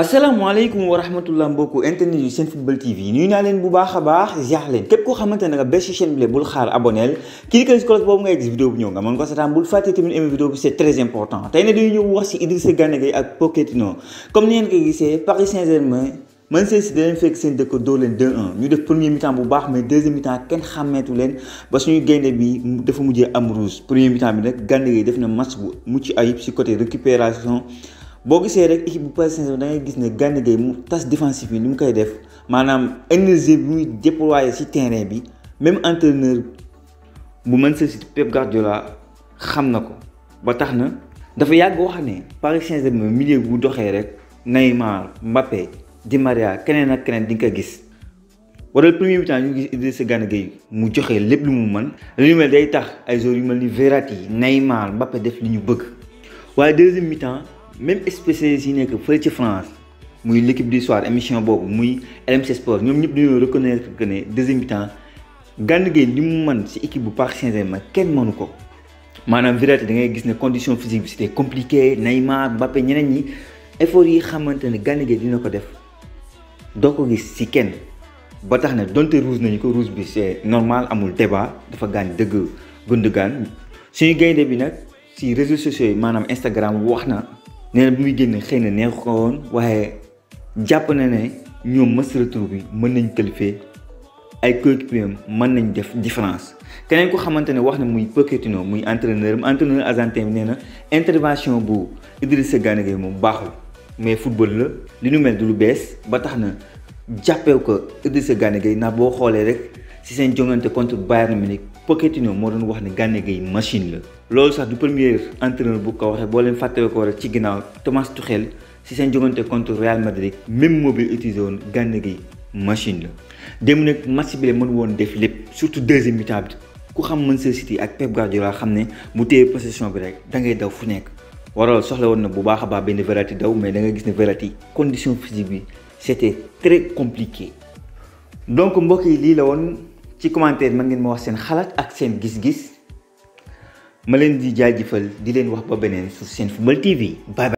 asalaamaaleykum wa rahmatullah mbokku internet du seen football tv nuyu naa leen bu baax a baax ziar leen képp koo xamante ne ci chaîne bi bul xaar aboneel cliquer ci cloche boobu ngay gis vidéo bu ñëw nga mën ko seetaan bul fàtte tamit aimé vidéo bi c'est très important tey ne dañu ñëw wax ci Idrissa Gana Gueye ak Pochettino comme ni ngeen ko gisee Paris Saint-Germain Manchester City da leen fekk seen dëkk dóor leen 2-1 ñu def premier mi-temps bu baax mais deuxième mi-temps kenn xàmmeetu leen ba suñu gaynde bi dafa mujjee am rouge premier mi-temps bi nag Gana Gueye def na match bu mucc ayib ci côté récupération boo gisee rek équipe Paris Saint-Germain da ngay gis ne défensif def énergie terrain même entraîneur bu Pep Guardiola na ko ba tax dafa yàgg wax ne Paris Saint-Germain milieu bu doxee rek Neymar Mbappé Di Maria keneen ak keneen di nga waral premier temps ñu gis Idrissa mu joxe lépp lu mu mën lu mel day tax ay Neymar Mbappé def deuxième mi-temps même spécialistes yi nekk fële ci France muy l'équipe du soir émission boobu muy LMC Sport ñom ñep dañoo reconnaître que né deuxième mi-temps Gana Gueye ni mu man ci équipe bu Paris Saint-Germain kenn mënu ko maanaam Verratti da ngay gis né condition physique bi c'était compliqué Neymar Mbappé ñeneen ñi effort yi xamante ne Gana Gueye dina ko def do ko gis ci kenn ba tax ne donte rouge nañ ko rouge bi c'est normal amul débat dafa deug gund gan suñu gaynde bi nak ci réseaux sociaux manam Instagram wax na nee na bi muy génn xëy na neexu ko woon waaye jàpp na ne ñoom Massirou Touré bi mën nañ qualifier ay coéquipiers mën nañ def différence keneen ko xamante ne wax ne muy Pochettino muy entraîneur entraîneur argentin bi nee na intervention bu Idrissa Gana Gueye moom baaxul mais football la li nu mel du lu bees ba tax na jàppee ko Idrissa Gana gay ndax boo xoolee rek. si seen jongante contre Bayern Munich Pochettino moo doon wax ni Gana Gueye machine la. loolu sax du premier entraîneur bu ko waxe bo len faté ko rek ci ginnaaw Thomas Tuchel si sen jongante contre Real Madrid même mobile utilisé won Gana Gueye machine la. dem nak match bi mën won def lépp surtout deuxième mi-temps ku xam Manchester City ak Pep Guardiola xam mu téy possession bi rek da ngay daw fu nek waral soxla won na bu baax a baax Verratti daw mais da ngay gis ni Verratti condition physique bi c'était très compliqué donc mbokk yi lii la ci commentaire mën ngeen ma wax seen xalaat ak seen gis-gis ma leen di jaajëfal di leen wax ba beneen sur seen football TV bye bye